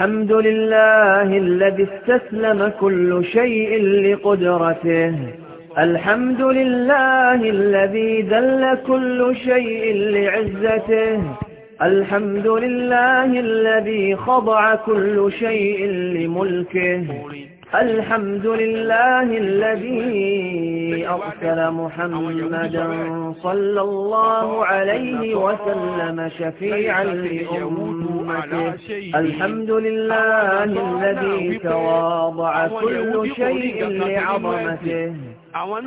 الحمد لله الذي استسلم كل شيء لقدرته الحمد لله الذي ذل كل شيء لعزته الحمد لله الذي خضع كل شيء لملكه الحمد لله الذي أرسل محمدا صلى الله عليه وسلم شفيعا لأمته الحمد لله الذي تواضع كل شيء لعظمته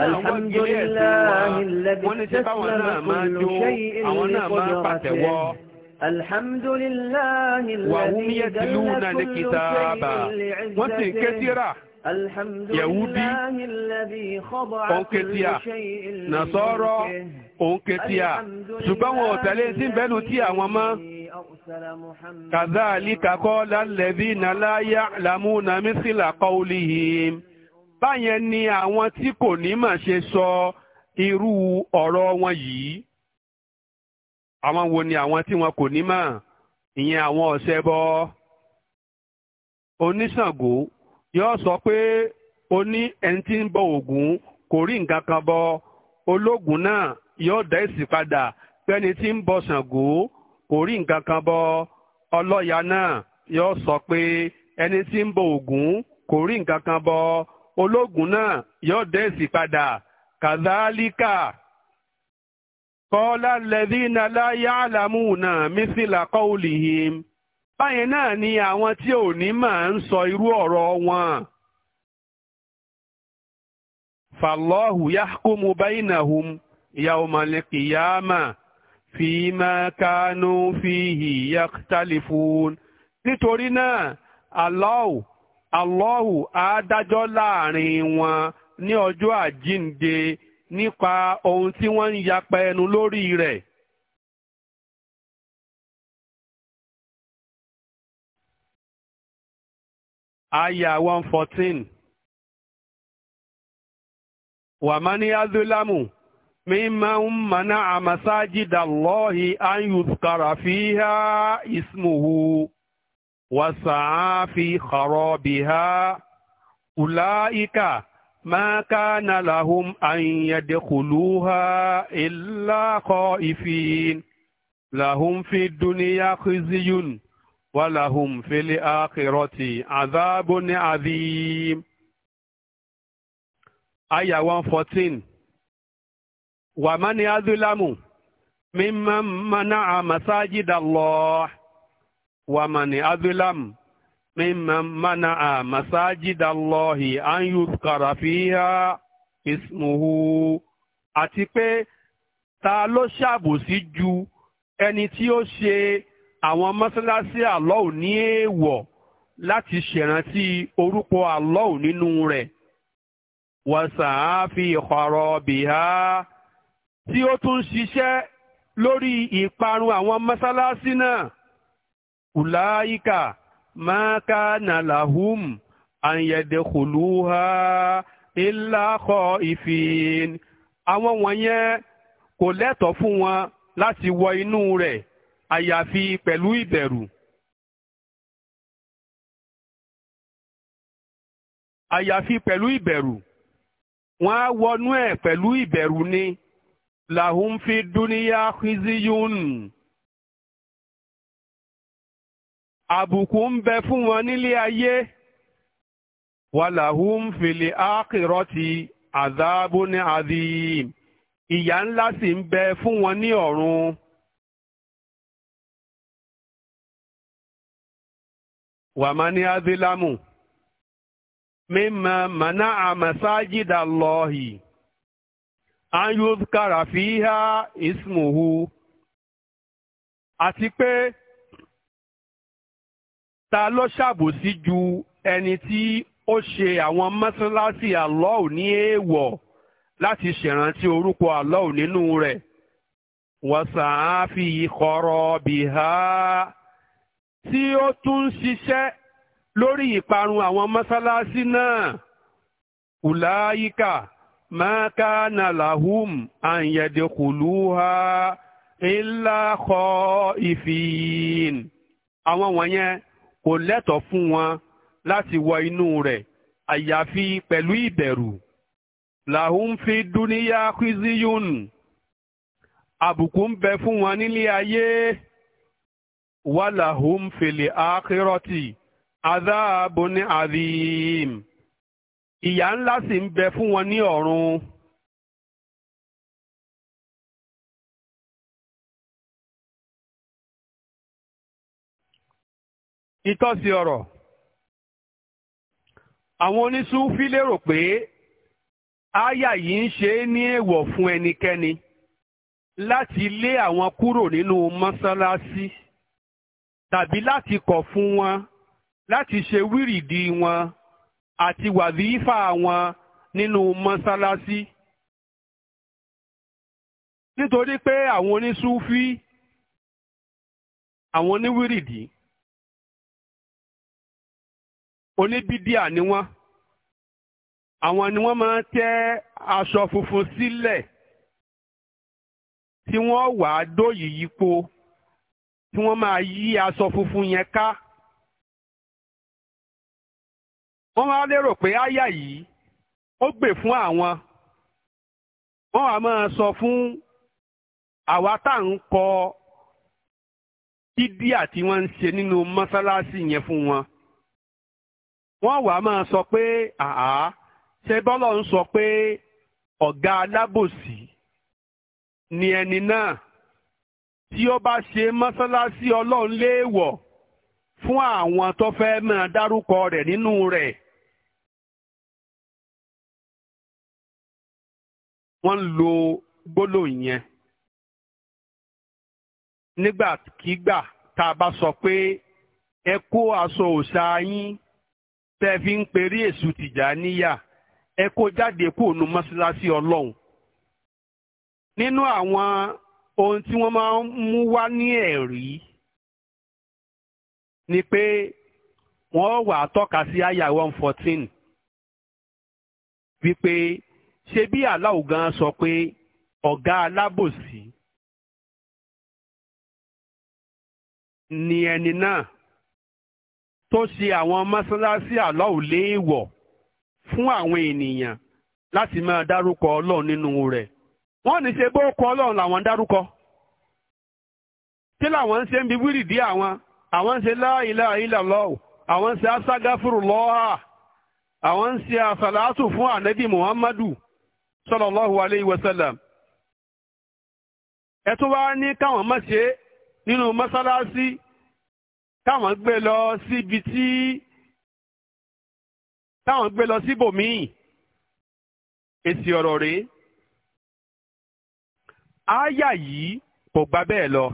الحمد لله الذي تسلم كل شيء لقدرته الحمد لله وهم يتلون الكتاب وسن كثيرا Yahudi òun kẹtíà Nasọ́rọ́ òun kẹtíà ṣùgbọ́n wọn ò tẹ̀lé sí bẹ́nu tí àwọn mọ́. Kazalika qala alladhina la ya'lamuna mithla qawlihim. Báyẹn ni àwọn tí kò ní mà ṣe sọ irú ọ̀rọ̀ wọn yìí. àwọn wo ni àwọn tí wọn kò ní mọ̀ ìyẹn àwọn ọ̀sẹ̀ bọ́ oníṣàngó yóò sọ pé o ní ẹni tí ń bọ Ògún kò rí nǹkan kan bọ ológun náà yóò dá èsì padà pẹ́ni tí ń bọ Ṣàngó kò rí nǹkan kan bọ ọlọ́ya náà yóò sọ pé ẹni tí ń bọ Ògún kò rí nǹkan kan bọ ológun náà yóò dá èsì padà kàdálíkà. kọ́lá lẹ́dínà láyé àlámùnà mísìlá kọ́ọ̀lìhìm báyẹn náà ni àwọn tí ò ní máa ń sọ irú ọ̀rọ̀ wọn. fàlọ́hù yahkumu bainahum yawmal qiyamah fíìmà kánú fíhì yaktalifun. nítorí náà Allahu Allahu á dájọ́ láàrin wọn ní ọjọ́ àjíǹde nípa ohun tí wọ́n ń yapa ẹnu lórí rẹ̀. Aya one fourteen. Wàmání Adúlámù mimman mana'a masajida Allahi an yuzkara fiha ismuhu wa sa'a fi kharabiha ulaika ما كان لهم أن يدخلوها إلا خائفين لهم في الدنيا خزي ولهم في الآخرة عذاب عظيم آية 114 ومن يظلم ممن منع مساجد الله ومن أظلم ممن منع مساجد الله أن يذكر فيها اسمه àti pé ta ló ṣàbòsí ju ẹni tí ó ṣe àwọn mọ́sálásí àlọ́ọ̀ ní èèwọ̀ láti ṣèrántí orúkọ àlọ́ọ̀ nínú rẹ̀ wàsàáfì ọ̀rọ̀ bìhá tí ó tún ṣiṣẹ́ lórí ìparun àwọn mọ́sálásí náà kùláyíkà ma kana lahum an yadkhuluha illa khaifin àwọn wọ̀nyẹn kò lẹ́tọ̀ọ́ fún wọn láti wọ inú rẹ̀ àyàfi pẹ̀lú ìbẹ̀rù. àyàfi pẹ̀lú ìbẹ̀rù wọ́n á wọnú ẹ̀ pẹ̀lú ìbẹ̀rù ni làhùn fi dúníyà khiziyun. àbùkù ń bẹ fún wọn nílé ayé wàláhùn fìlì ákìrọ́tì àdábóní àdìm ìyà ńlá sì ń bẹ fún wọn ní ọ̀run. wàmání adélámù mímọ mọ̀nà àmàsájídà lọ́hì anyúz kàràfíhá àti pé ta ló ṣàbòsí ju ẹni tí ó ṣe àwọn mọ́sálásí àlọ́ọ̀ ní èèwọ̀ láti ṣèrántí orúkọ àlọ́ọ̀ nínú rẹ̀ wọ̀sàáfì kọ̀rọ̀ bìhá tí ó tún ṣiṣẹ́ lórí ìparun àwọn mọ́sálásí náà ùláyíkà máka nàlàhùm àyẹ̀dẹ̀kùlúhà ńlá kọ́ àwọn wọ̀nyẹn kò lẹ́tọ̀ọ́ fún wọn láti wọ inú rẹ̀ àyàfi pẹ̀lú ìbẹ̀rù làhùn fi dúníyà kìzíyùn àbùkù ń bẹ fún wọn nílé ayé wàlàhùn fèlè àkírọ́tì adáàbò ní àdìyìm ìyà ńlá sì ń bẹ fún wọn ní ọ̀run. ìtọ́sí ọ̀rọ̀ àwọn onísúfí lérò pé áyà yìí ń ṣe é ní èèwọ̀ fún ẹnikẹ́ni láti lé àwọn kúrò nínú mọ́sálásí tàbí láti kọ̀ fún wọn láti ṣe wírìdì wọn àti wàvífà wọn nínú mọ́sálásí. nítorí pé àwọn onísúfí àwọn oníwírìdì. oníbídíà ni wọ́n àwọn ni wọ́n máa ń tẹ́ aṣọ funfun sílẹ̀ tí wọ́n wà á dóyì yípo tí wọ́n máa yí aṣọ funfun yẹn ká wọ́n máa lérò pé áyà yìí ó gbè fún àwọn wọ́n wá máa sọ fún àwa tá à ń kọ tí wọ́n ń ṣe nínú mọ́sálásí yẹn fún wọn. wọ́n wàá máa sọ pé àá ṣe bọ́lọ̀ ń sọ pé ọ̀gá alábòsí ni ẹni náà tí ó bá ṣe mọ́sálásí ọlọ́run léèwọ̀ fún àwọn tó fẹ́ máa dárúkọ rẹ̀ nínú rẹ̀. wọ́n ń lo gbólóhùn yẹn nígbàkigbà tá a bá sọ pé ẹ kó aṣọ òòṣà yín. tẹ́ fi ń perí èṣù Tìjàníyà ẹ kó jáde kúrò nu mọ́ṣáláṣí ọlọ́run nínú àwọn ohun tí wọ́n máa ń mú wá ní ẹ̀rí ni pé wọ́n wà tọ́ka sí àyà one fourteen wípé ṣé bí aláwo gan sọ pé ọ̀gá alábòsí ni ẹni náà. tó ṣe àwọn mọ́sálásí àlọ́ọ̀ léèwọ̀ fún àwọn ènìyàn láti máa dárúkọ ọlọ́run nínú rẹ̀ wọ́n ní ṣe bó kọ ọlọ́run làwọn ń dárúkọ kí làwọn ń ṣe ń bi dí àwọn àwọn ń ṣe la ilaha àwọn ń ṣe aságàfúrúlọ́hà àwọn ń ṣe fún ànábì muhammadu wa sallam ẹ tún wá ní káwọn ṣe nínú táwọn gbé lọ síbi tí táwọn gbé lọ síbòmíì èsì ọ̀rọ̀ rèé ááyà yìí kò gba bẹ́ẹ̀ lọ.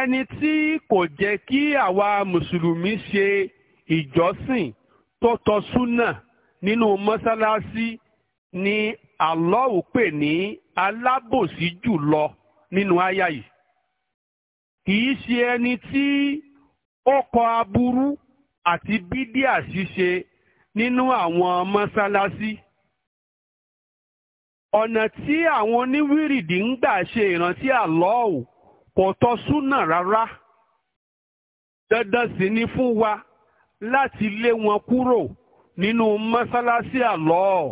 ẹni tí kò jẹ́ kí àwa mùsùlùmí ṣe ìjọsìn tó tọ́ súnà nínú mọ́sálásí ni Allah pè ní alábòsí jùlọ nínú ááyà yìí. kìí ṣe ẹni tí ó kọ aburú àti bídíà ṣíṣe nínú àwọn mọ́sálásí. ọ̀nà tí àwọn oníwìrìdì ń gbà ṣe ìrántí àlọ́ọ̀ kò tọ́ súnà rárá. dandan sì ni fún wa láti lé wọn kúrò nínú mọ́sálásí àlọ́ọ̀.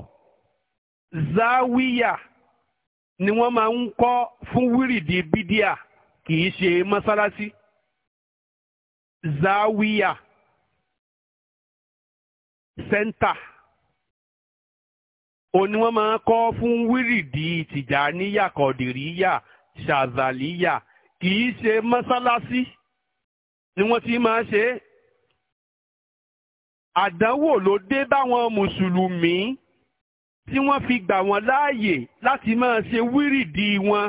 zawiya ni wọ́n máa ń kọ́ fún wírìdì bídíà. kì í ṣe mọ́sálásí zawiya sẹ́ńtà òní wọ́n máa kọ́ fún wírìdì tìjàníyà kọ̀dìríyà ṣàzàlíyà kì ṣe mọ́sálásí ni wọ́n ti máa ṣe é àdánwò ló dé báwọn mùsùlùmí tí wọ́n fi gbà wọ́n láàyè láti máa ṣe wírìdì wọn.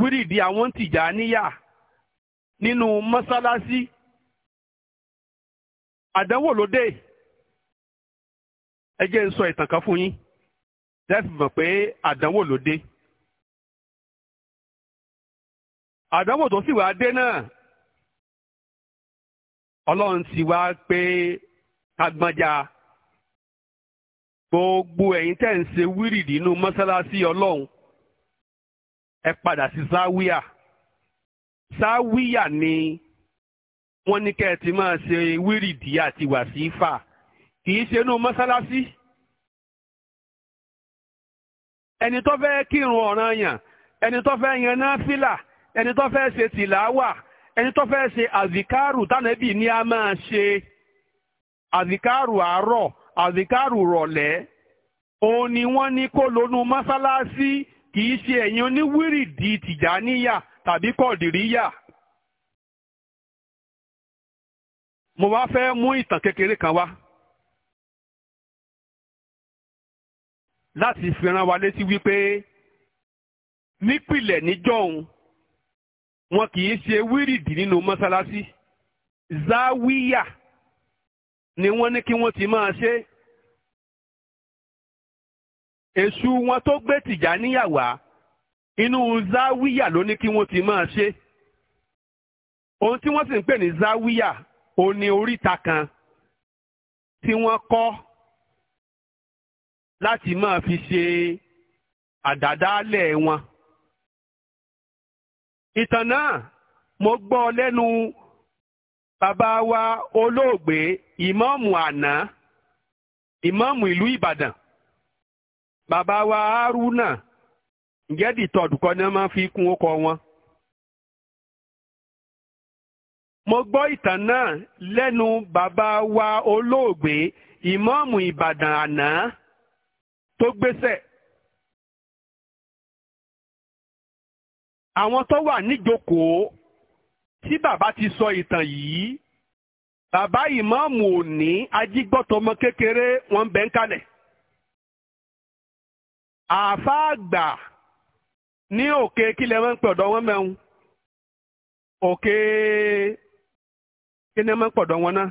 wiri àwọn Tìjàníyà nínú mọ́sálásí àdánwò ló dé ẹ jẹ́ ń sọ ìtàn kan fún yín lẹ́sìn mọ̀ pé àdánwò ló dé. àdánwò tó sì wá dé náà ọlọ́run ti wá pé gbogbo ẹ̀yin tẹ̀ ń ṣe di nínú mọ́sálásí ọlọ́run ẹ padà sí záwíà sáwíyà ni wọ́n ní kẹ́ ẹ ti máa ṣe wírìdì àti wàsífà kì í ṣe inú mọ́sálásí. ẹni tó fẹ́ kírun ọ̀ranyàn ẹni tó fẹ́ yan náfìlà ẹni tó fẹ́ ṣe tìláwà ẹni tó fẹ́ ṣe àzìkárù tánàbì ni a máa ṣe àzìkárù àárọ̀ àzìkárù rọ̀lẹ́ òun ni wọ́n ní kó lónú mọ́sálásí kì í ṣe ẹ̀yin oníwírìdì tìjàníyà tàbí kọ̀dìríyà. mo wá fẹ́ mú ìtàn kékeré kan wá láti fi rán wa létí wípé nípìlẹ̀ níjọ́un wọn kì ṣe wírìdì nínú mọ́sálásí záwíyà ni wọ́n ní kí wọ́n ti máa ṣe èṣù wọn tó gbé tìjà níyàwá inú záwíyà ló ní kí wọ́n ti máa ṣe ohun tí wọ́n sì ń pè ní záwíyà ó ní oríta kan tí wọ́n kọ́ láti máa fi ṣe àdádálẹ̀ wọn. ìtàn náà mo gbọ́ lẹ́nu bàbá wa olóògbé ìmọ̀ọ̀mù àná ìmọ̀ọ̀mù ìlú Ìbàdàn bàbá wa Haruna ǹjẹ́ dìtọ̀dù kọ́ ni wọ́n máa fi kún ọkọ wọn. mo gbọ́ ìtàn náà lẹ́nu bàbá wa olóògbé ìmọ̀ọ́mù Ìbàdàn àná tó gbéṣẹ́. àwọn tó wà níjókòó tí bàbá ti sọ ìtàn yìí bàbá ìmọ̀ọ́mù òní ajígbọ́tọmọ kékeré wọ́n bẹ́ kalẹ̀ àáfàá ní òkè kílẹ̀ wọn ń pè ọ̀dọ̀ wọn mẹ́rin òkè kí ni wọn ń pè ọ̀dọ̀ wọn náà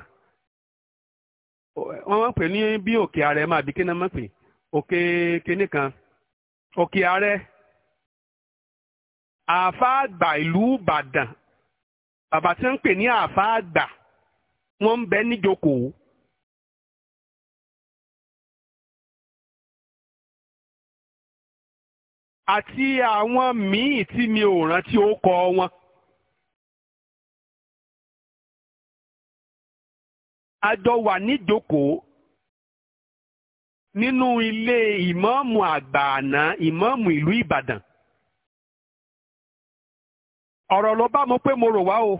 wọ́n máa ń pè ní bí òkè ààrẹ máa bí kí ni wọ́n máa ń pè òkè kínní kan òkè ààrẹ àáfàá àgbà ìlú Ìbàdàn bàbá tí wọ́n ń pè ní àáfàá wọ́n ń bẹ níjókòó. àti àwọn míì tí mi ò rántí ó kọ wọn. a jọ wà níjókòó nínú ilé ìmọ̀ọ́mù àgbà àná ìmọ̀ọ́mù ìlú Ìbàdàn ọ̀rọ̀ ló bá mọ̀ pé mo rò wá o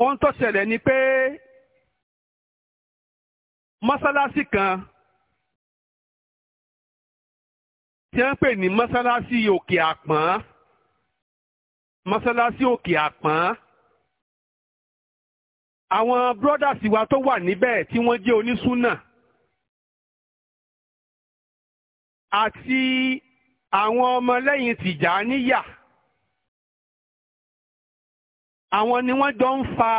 ohun tó ṣẹlẹ̀ ni pé mọ́sálásí kan tí wọ́n pè ní mọ́sálásí òkè àpọ́n mọ́sálásí òkè àpọ́n àwọn brothers wa tó wà níbẹ̀ tí wọ́n jẹ́ onísúnà àti àwọn ọmọlẹ́yìn tìjàníyà àwọn ni wọ́n jọ ń fa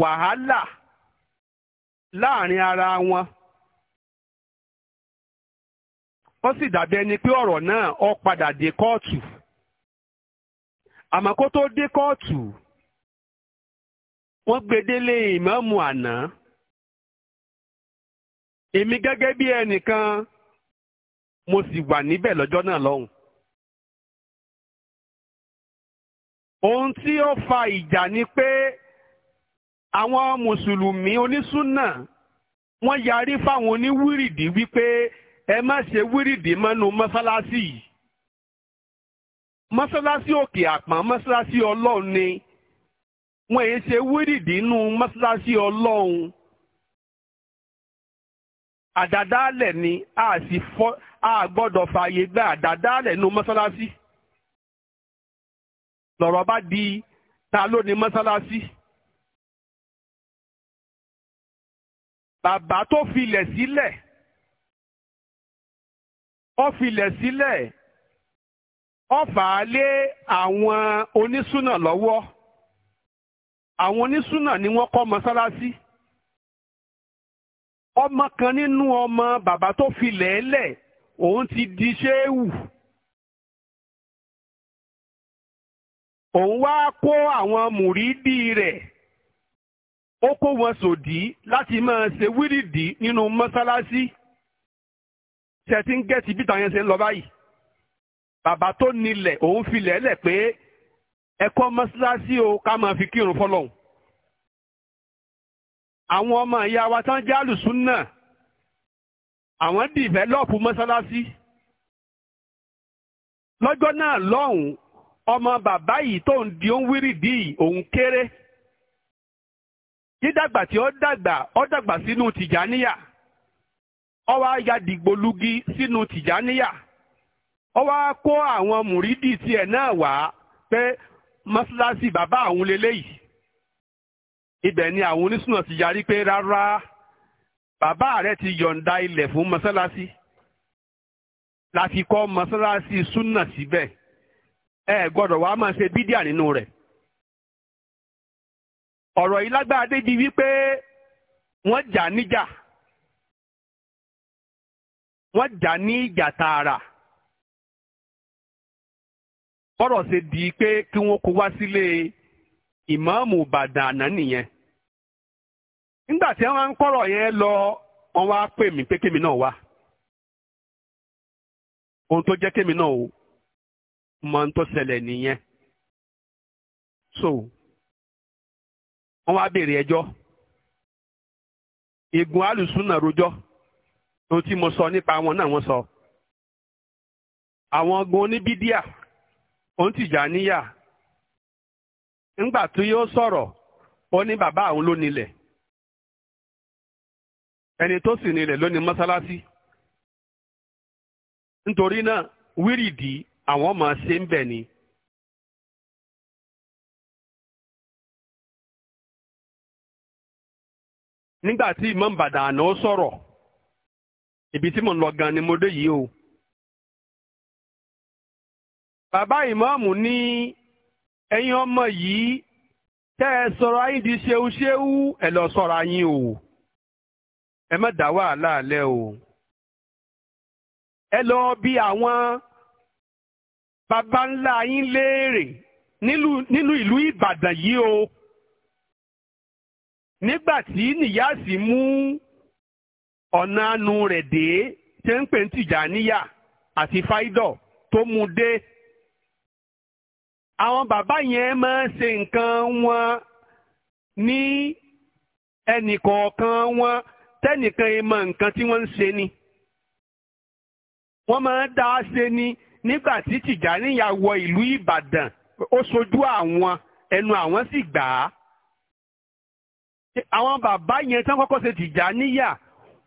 wàhálà láàrin ara wọn. ó sì dàbí ẹni pé ọ̀rọ̀ náà ọ padà dé kóòtù àmọ́ kó tó dé kóòtù wọ́n gbedele ìmáàmù àná èmi gẹ́gẹ́ bí ẹnìkan mo sì wà níbẹ̀ lọ́jọ́ náà lọ́hùn. ohun tí ó fa ìjà ni pé àwọn mùsùlùmí onísùnà wọ́n yarí fáwọn oníwírìdì wípé ẹ má ṣe wíìrìdì mọ́nu mọ́sálásí yìí mọ́sálásí òkè àpọ́n mọ́sálásí ọlọ́run ni wọ́n èyí ṣe wíìrìdì nínú mọ́sálásí ọlọ́run àdàdálẹ̀ ni a sì fọ́ a gbọ́dọ̀ fààyè gba àdàdálẹ̀ nínú mọ́sálásí lọ̀rọ̀ bá di ta ló ni mọ́sálásí. bàbá tó filẹ̀ sílẹ̀. Si ó filẹ̀ sílẹ̀ ó fà á lé àwọn onísùnà lọ́wọ́ àwọn onísùnà ni wọ́n kọ́ mọ́sálásí ọmọ kan nínú ọmọ bàbá tó filẹ̀ ẹlẹ̀ òun ti di ṣéèwù. òun wá kó àwọn mùrídìí rẹ̀ ó kó wọn sòdí láti máa ṣe wírìdì nínú mọ́sálásí. ṣe ti ń gẹ̀ẹ́sì bí tàwọn yẹn ṣe ń lọ báyìí bàbá tó nílẹ̀ òun fi lẹ́lẹ̀ pé ẹ̀kọ́ mọ́ṣáláṣí o ká máa fi kírun fọlọ́hún àwọn ọmọ ìyá wa tán jálù náà. àwọn dìvẹ́lọ́pù mọ́ṣáláṣí lọ́jọ́ náà lọ́hùn ọmọ bàbá yìí tó ń di òun wírìdì òun kéré dídàgbà tí ó dàgbà ó dàgbà sínú tìjà tìjàníyà. Ọ wá ya dìgbòlugi sínú tìjáníyà ọ wá kó àwọn mùrídì tiẹ̀ náà wá pé mọ́ṣáláṣí bàbá àwọn leléyìí ibẹ̀ ni àwọn onísùnà ti yarí pé rárá bàbá rẹ ti yọ̀ǹda ilẹ̀ fún mọ́ṣáláṣí láti kọ́ mọ́ṣáláṣí súnà síbẹ̀ ẹ gbọ́dọ̀ wàá máa ṣe bídíà nínú rẹ̀ ọ̀rọ̀ yìí lágbára débi wípé wọ́n jà níjà. wọ́n jà ní ìjà tààrà bọ́rọ̀ ṣe di pé kí wọ́n kó wá sílé ìmáàmù Ìbàdàn àná nìyẹn nígbà tí wọ́n ń kọ́rọ̀ yẹn lọ wọ́n wá pè mí pé kémi náà wá ohun tó jẹ́ kémi náà o mọ ohun tó ṣẹlẹ̀ nìyẹn so wọ́n wá béèrè ẹjọ́ ègún alùsùn náà rojọ́. ohun tí mo sọ nípa wọn náà wọ́n sọ àwọn gan oníbídíà òun Tìjàníyà ńgbà tí yóò sọrọ ó ní bàbá àwọn ló nílẹ̀ ẹni tó sì nílẹ̀ ló ní mọ́sálásí nítorí náà wírìdì àwọn ọmọ ṣe ń bẹ̀ ni. nígbà tí Imam Badana ó sọ̀rọ̀. ibi tí mò ń lọ gan ni mo dé yìí o. bàbá ìmáàmù ní ẹ̀yin ọmọ yìí tẹ́ ẹ sọ̀rọ̀ ayé di ṣeun ṣeun ẹ lọ sọ̀rọ̀ ayé o ẹ má dá wàhálà lẹ o ẹ lọ bí àwọn baba ńlá yín léèrè nínú ìlú Ìbàdàn yìí o nígbà tí nìyá sì mú ọ̀nà anu rẹ̀ dé tí ń pè ń Tìjàníyà àti fáídọ̀ tó mú dé. àwọn bàbá yẹn máa ń ṣe nǹkan wọn ní ẹnìkọ̀ọ̀kan wọn tẹ́nìkan yẹn mọ nǹkan tí wọ́n ń ṣe ni. wọ́n máa ń dá ṣe ni nígbà tí Tìjàníyà wọ ìlú Ìbàdàn ó ṣojú àwọn ẹnu àwọn sì gbà á. àwọn bàbá yẹn tán kọ́kọ́ ṣe Tìjàníyà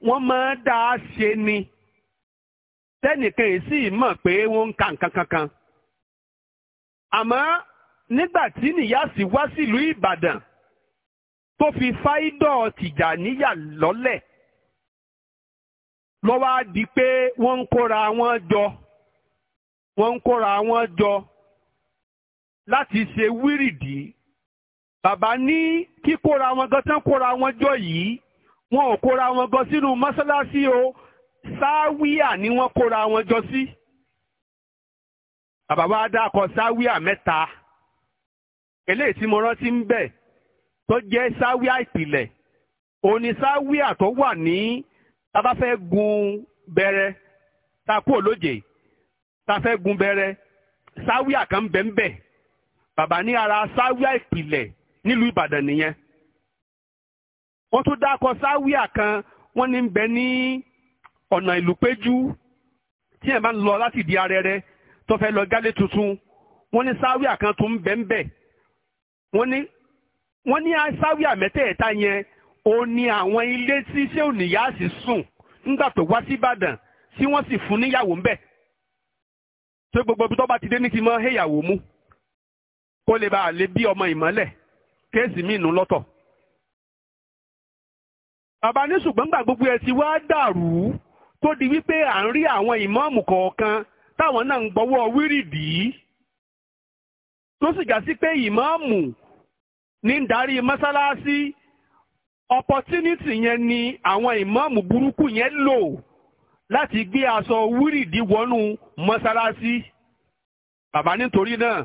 wọ́n máa dá a ṣe ni tẹ́nìkan yìí sì mọ̀ pé wọ́n ń ka nǹkan kankan. àmọ́ nígbà tí nìyàsí wá sílùú Ìbàdàn tó fi fáídọ̀ tìjà níyà lọ́lẹ̀ ló wá di pé wọ́n ń kóra wọn jọ wọ́n ń kóra wọn jọ láti ṣe wírìdì bàbá ní kíkóra wọn gan tán kóra wọn jọ yìí wọn ò kóra wọn gọ sínú mọ́sálásí o sáwíà ni wọ́n kóra wọn jọ sí. àbàbá dákọ sáwíà mẹ́ta eléyìí tí mo rántí ń bẹ̀ tó jẹ́ sáwíà ìpìlẹ̀ òní sáwíà tó wà ní tabafẹ́ gun bẹ̀rẹ̀ takú olóje tafẹ́ gun bẹ̀rẹ̀ sáwíà kan bẹ̀ ń bẹ̀ bàbá ní ara sáwíà ìpìlẹ̀ nílùú Ìbàdàn nìyẹn wọ́n tún dákọ sáwíà kan wọ́n ní bẹ ní ọ̀nà ìlú péjú tí ẹ̀ máa ń lọ láti di arẹrẹ tó fẹ́ lọ gálé tuntun wọ́n ní sáwíà kan tún bẹ́ ń bẹ̀ wọ́n ní wọ́n ní sáwíà mẹ́tẹ̀ẹ̀ta yẹn ó ní àwọn ilé tí iṣẹ́ òníyàásì sùn nígbà tó wá sí Ìbàdàn tí wọ́n sì fún níyàwó ń bẹ̀ tó gbogbo ibi tó bá ti dé ní ti mọ́ héyàwó mú kó lè bàa lè bí ọmọ ìmọ́lẹ̀ kéèsì míì nù lọ́tọ̀ bàbá ní ṣùgbọ́n gbà gbogbo ẹ̀ ti wá dàrú tó di wípé à ń rí àwọn ìmọ̀ọ́mù kọ̀ọ̀kan táwọn náà ń gbọ́wọ́ wírìdì tó sì gà sí pé ìmọ̀ọ́mù ní ń darí mọ́sálásí opportunity yẹn ni àwọn ìmọ̀ọ́mù burúkú yẹn lò láti gbé aṣọ wírìdì wọnú mọ́sálásí bàbá nítorí náà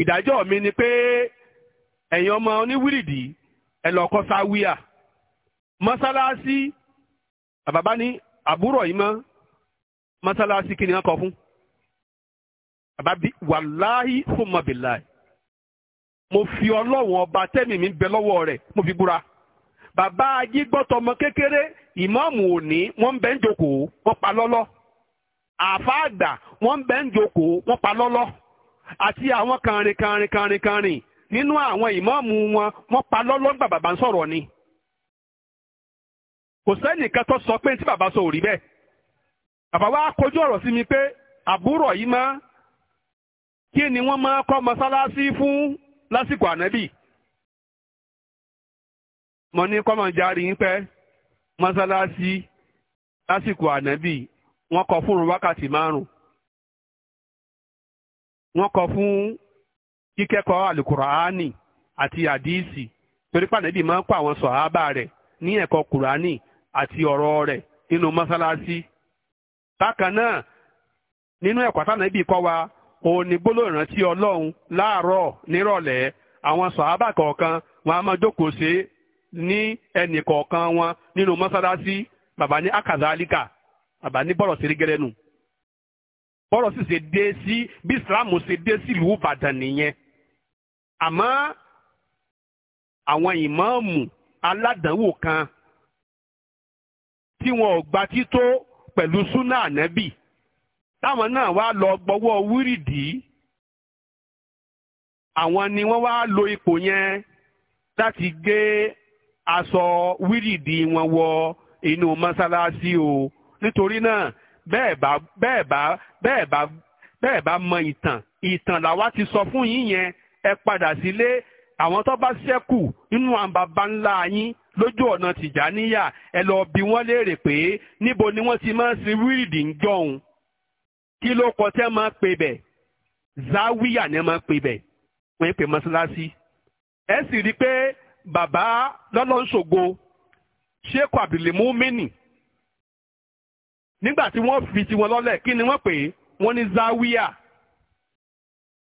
ìdájọ́ mi ni pé ẹ̀yin ọmọ oníwírìdì ẹ lọ sáwíà mọ́sálásí àbàbá ní àbúrò yìí mọ́ mọ́sálásí kí ni wọ́n kọ fún àbábí wàláhí fúnmọ́bìláì mo fi ọlọ́wọ̀n ọba tẹ́mi mi bẹ lọ́wọ́ rẹ̀ mo fi búra bàbá ajígbọ́tọ̀ ọmọ kékeré ìmáàmù òní wọ́n ń bẹ́ ń jókòó wọ́n pa lọ́lọ́ àáfàá àgbà wọ́n ń bẹ́ ń jókòó wọ́n pa lọ́lọ́ àti àwọn kàrìnkàrìnkàrìnkàrìn nínú àwọn ìmáàmù wọn wọ́n pa lọ́lọ́ gbà bàbá ń sọ̀rọ̀ ni. kò sẹ́nìkan tó sọ pé tí bàbá sọ ò rí bẹ́ẹ̀ bàbá wa kojú ọ̀rọ̀ sí mi pé àbúrò yìí máa kí ni wọ́n máa kọ́ mọ́sálásí fún lásìkò ànábì mo ní kọ́ máa jarí yín pé mọ́sálásí lásìkò ànábì wọ́n kọ́ fún wákàtí márùn wọ́n kọ́ fún kíkẹ́kọ̀ọ́ àlùkùránì àti àdíìsì torí pàdánù máa ń kọ́ àwọn sọ̀hábà rẹ̀ ní ẹ̀kọ́ kùránì àti ọ̀rọ̀ rẹ̀ nínú mọ́sálásí. bákan náà nínú ẹ̀kọ́ tánàbí kọ́ wa òun ní gbólóhùn ìrántí ọlọ́run láàárọ̀ nírọ̀lẹ́ àwọn sàhábà kọ̀ọ̀kan wọn a máa jókòó ṣe ní ẹnì kọ̀ọ̀kan wọn nínú mọ́sálásí bàbá ní akazalika bàbá ní bọ́rọ̀ sírí gẹ́rẹ́ nù bọ́rọ̀ sì ṣe dé sí bí Islam ṣe dé sílùú Ìbàdàn nìyẹn àmọ́ àwọn ìmáàmù aládàánwò kan tí wọn ò gba tító pẹ̀lú súnà ànábì táwọn náà wá lọ gbọ́wọ́ wírìdì àwọn ni wọ́n wá lo ipò yẹn láti gbé aṣọ wírìdì wọn wọ inú mọ́sálásí o nítorí náà bẹ́ẹ̀ bá bẹ́ẹ̀ bá bẹ́ẹ̀ bá bẹ́ẹ̀ bá mọ ìtàn ìtàn làwa ti sọ fún yín yẹn ẹ padà sílé àwọn tó bá ṣẹ́kù nínú àwọn bàbá ńlá yín lójú ọ̀nà tìjàníyà ẹ lọ bí wọ́n léèrè pé níbo ni wọ́n ti máa ń sin wíìdì ń jọ̀hún kí ló kọ tẹ́ máa pè bẹ̀ záwíyà ni máa pè bẹ̀ wọ́n pè mọ́ṣáláṣí ẹ sì rí i pé bàbá lọ́lọ́ṣògo ṣékù àbìlẹ̀múmínì nígbà tí wọ́n fi tiwọn lọ́lẹ̀ kí ni wọ́n pè wọ́n ní záwíyà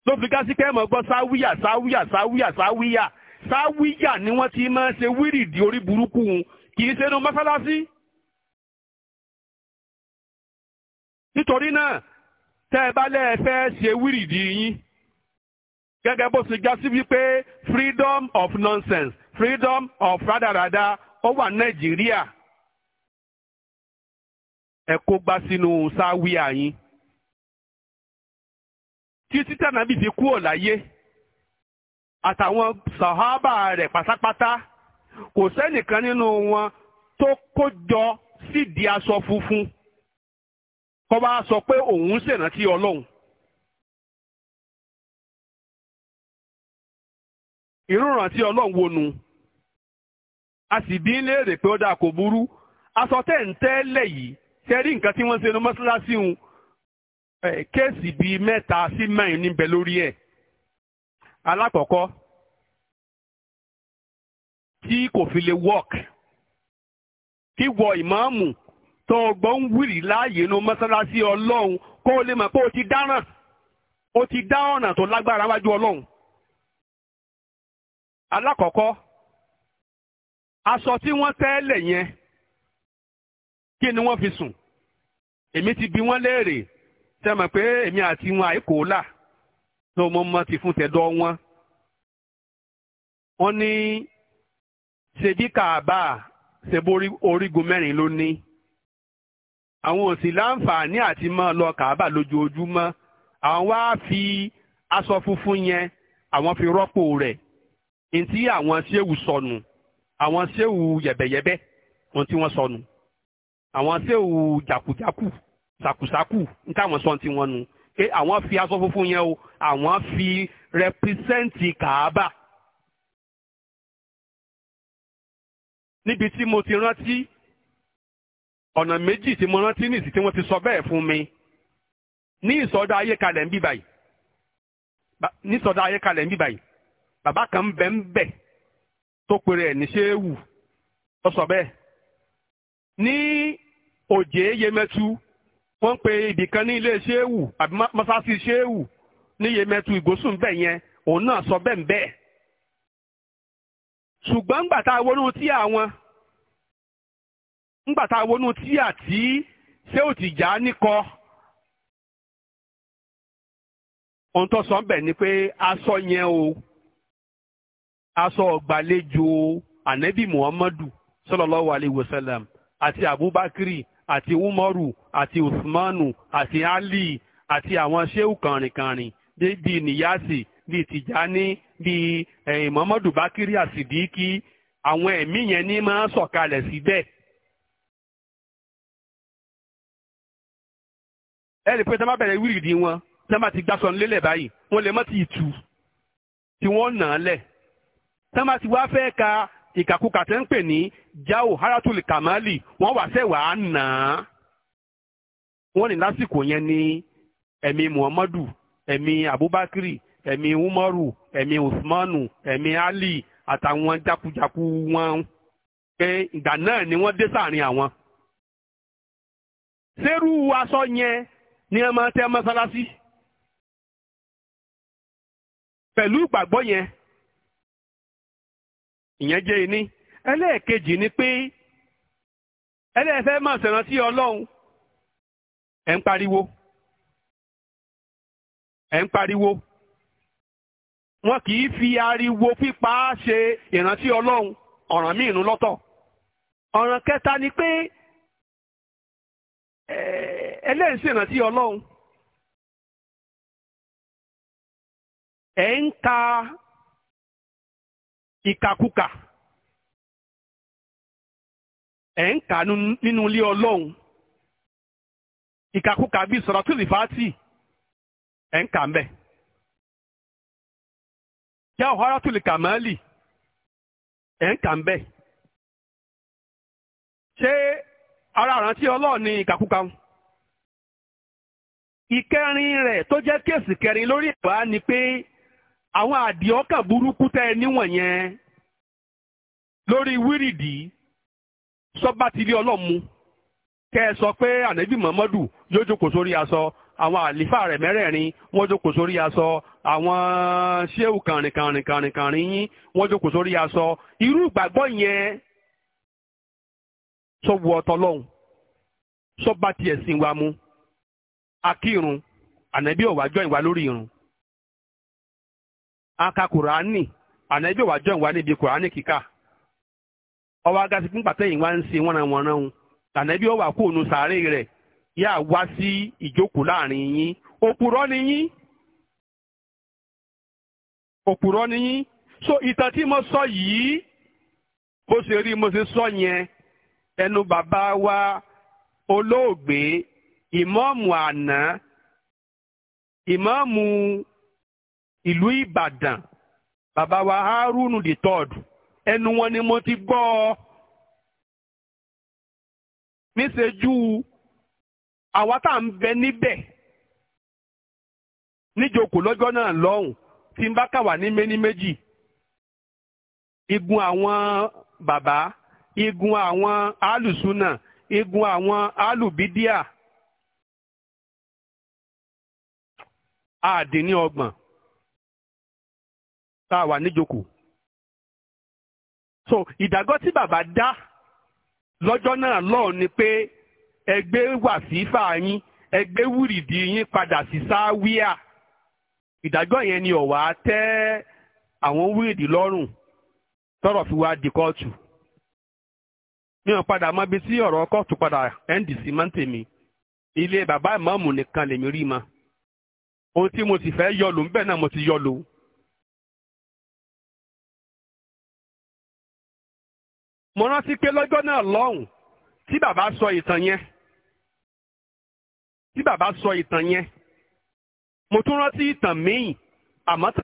ló fi gásí kẹ́mọ̀ gbọ́ sáwíyà sáwíyà sáwíyà sáwíyà sáwíyà ni wọ́n ti máa ń ṣe wírìdì orí burúkú kì í ṣẹ́nu mọ́sálásí. nítorí náà tẹ́ ẹ bá lẹ́ẹ̀fẹ́ ṣe wírìdì yín gẹ́gẹ́ bó ṣe gásí wípé freedom of nonsense freedom of rádaràda ó wà Nàìjíríà ẹ kó gbá sínú sáwíyà yín. títí tànàbí fi kúrò láyé àtàwọn sàhábà rẹ̀ pátápátá kò sẹ́nìkan nínú wọn tó kójọ sídìí aṣọ funfun kó bá sọ pé òun ṣèrántí ọlọ́run. ìrúnrántí ọlọ́run wo nu a sì bí ń léèrè pé ó dáa kò burú aṣọ tẹ̀ ń tẹ́lẹ̀ yìí tẹ́rí nǹkan tí wọ́n ṣe ní mọ́ṣáláṣí ń kéèsì bíi mẹ́ta sí mẹ́rin níbẹ̀ lórí ẹ̀ alákọ̀ọ́kọ́ tí kò fi lè work kí wọ ìmáàmù tó gbọ́ ń wìrì láàyè nu mọ́sálásí ọlọ́run kó o lè mọ̀ pé o ti dáràn o ti dá ọ̀nà tó lágbára wájú ọlọ́run. alákọ̀ọ́kọ́ aṣọ tí wọ́n tẹ́lẹ̀ yẹn kí ni wọ́n fi sùn èmi ti bi wọ́n léèrè tẹ́mọ̀ pé èmi àti wọn àìkò là ní ọmọ ọmọ ti fún tẹ̀dọ̀ wọn. wọ́n ní ṣebí kàbá ṣebó orígun mẹ́rin ló ní. àwọn ò sì láǹfààní àti máa lọ kàbá lójoojúmọ́ àwọn wá fi aṣọ funfun yẹn àwọn fi rọ́pò rẹ̀ ntí àwọn ṣéwù sọnù àwọn ṣéwù yẹ̀bẹ̀yẹ̀bẹ̀ ohun tí wọ́n sọnù àwọn ṣéwù jàkújàkù. jaku sàkùsàkù ní táwọn sọ ti wọn nu pé àwọn fi aṣọ funfun yẹn o àwọn fi rẹpísẹ́ǹtì kàábà. níbi tí mo ti rántí ọ̀nà méjì tí mo rántí nìsí tí wọ́n ti sọ bẹ́ẹ̀ fún mi ní ìsọdá ayékalẹ̀ ń bí báyìí ní ìsọdá ayékalẹ̀ ń bí báyìí bàbá kan bẹ̀ ń bẹ̀ tó pèrè ẹ̀ ní ṣéwù ó sọ bẹ́ẹ̀ ní òjé yemẹtu wọ́n ń pe ibì kan ní ilé ṣéwù àbí mọ́sáàsì ṣéwù ní yemẹtu ìgòsùn bẹ́ẹ̀ yẹn òun náà sọ bẹ́ẹ̀ bẹ́ẹ̀. ṣùgbọ́n ńgbà tá a wọnú tíà wọn ńgbà tá a wọnú tíà tí ṣéwù Tìjàní kọ ohun tó sọ ń bẹ̀ ni pé aṣọ yẹn o aṣọ ọ̀gbàlejò ànẹ́bí Muhammadu sallallahu alaihi wasallam àti Abubakar àti umaru àti usmanu àti ali àti àwọn sheu kànrìnkànrìn bíi niyasi bíi tijani bíi eh, muhammadu bakiri asidiki àwọn ẹ̀mí yẹn ní máa sọ̀kalẹ̀ síbẹ̀. ẹ rí i pé tí wọ́n bá bẹ̀rẹ̀ wíìrìdì wọn tí wọ́n bá ti gbàsọ̀ nílẹ̀ báyìí wọ́n lè mọ́ ti tù tí wọ́n nà án lẹ̀ tí wọ́n bá ti wá fẹ́ ka ìkàkùkà tẹ́ ń pè ní jao haratul kamali wọ́n wà sẹ́wàá nà á wọ́n ní lásìkò yẹn ní ẹ̀mí muhammadu ẹ̀mí abubakari ẹ̀mí umaru ẹ̀mí usmanu ẹ̀mí ali àtàwọn jakujaku wọn pé ìgbà náà ni wọ́n dé sáàrin àwọn. sẹ́rù aṣọ yẹn ni ẹ máa tẹ́ mọ́sálásí pẹ̀lú ìgbàgbọ́ yẹn ìyẹn jẹ́ ìní ẹlẹ́ẹ̀kejì ni pé ẹlẹ́ẹ̀fẹ́ máa ṣèrántí ọlọ́run ẹ̀ ń pariwo ẹ̀ ń pariwo wọn kì í fi ariwo pípa ṣe ìrántí ọlọ́run ọ̀ràn míì nù lọ́tọ̀ ọ̀ràn kẹta ni pé ẹlẹ́ẹ̀sìn ìrántí ọlọ́run ẹ̀ ń ka ìkàkùkà ẹ̀ ń kà nínú ilé ọlọ́run ìkàkùkà bíi sọ̀rọ̀tùlì fàátì ẹ̀ ń kà mbẹ́. yá ọ̀hárátùlì kàmáàlì ẹ̀ ń kà mbẹ́. ṣé ara àrántí ọlọ́run ní ìkàkùkà ń. ìkẹrin rẹ̀ tó jẹ́ kéèsì kẹrin lórí ìwà ni pé àwọn àdìọ́kàn burúkú tẹ́ ẹ níwọ̀n yẹn lórí wírìdì sọ́ba ti lé ọlọ́mu kẹ́ ẹ sọ pé ànábì muhammadu yóò jókòó sórí aṣọ àwọn àlìfà rẹ̀ mẹ́rẹ̀ẹ̀rin wọ́n jókòó sórí aṣọ àwọn ṣéwù kàrìnkàrìnkàrìnkàrìn yín wọ́n jókòó sórí aṣọ irú ìgbàgbọ́ yẹn sọ wọ lọ́hùn sọ́ba ti ẹ̀sìn wa mu akírun ànábì ọ̀wájọ́ ìwà lórí irun. aka kùránì ànábì wà jọ̀ wá níbi kùránì kíkà ọwọ́ agasi fún pàtẹ́yìn wá ń ṣe wọ́nranwọ́nran òun ànábì ó wà kó òun sàárè rẹ̀ ya wá sí ìjókòó láàrin yín òpùrọ́ ni yín òpùrọ́ ni yín so ìtàn tí mo sọ yìí bó ṣe rí mo ṣe sọ yẹn ẹnu bàbá wa olóògbé ìmọ̀ọ́mù àná ìmọ̀ọ́mù ìlú Ìbàdàn bàbá wa Haruna the third ẹnu wọn ni mo ti gbọ́ ọ níṣẹ́jú àwa tá à ń bẹ níbẹ̀ níjókòó lọ́jọ́ náà lọ́hùn tí n bá kà wá ní méní méjì igun àwọn bàbá igun àwọn alùsùnà igun àwọn alùbídíà àdínní ọgbọ̀n. tá wà níjókòó. so ìdágọ́ tí bàbá dá lọ́jọ́ náà lọ́ọ̀ ni pé ẹgbẹ́ wà wàsífà yín ẹgbẹ́ wùrìdì yín padà sí sáwíà ìdájọ́ yẹn ni ọ̀wá tẹ́ àwọn wúrìdì lọ́rùn tọrọ fi wá di kóòtù mi ò padà mọ ibi tí ọ̀rọ̀ kóòtù padà ndc máa ń tèmi ilé bàbá ìmáàmù nìkan lèmi rí ma ohun tí mo sì fẹ́ yọlù ńbẹ̀ náà mo ti yọlù mo rántí pé lọ́jọ́ náà lọ́hùn tí bàbá sọ ìtàn yẹn tí bàbá sọ ìtàn yẹn mo tún rántí ìtàn míì àmọ́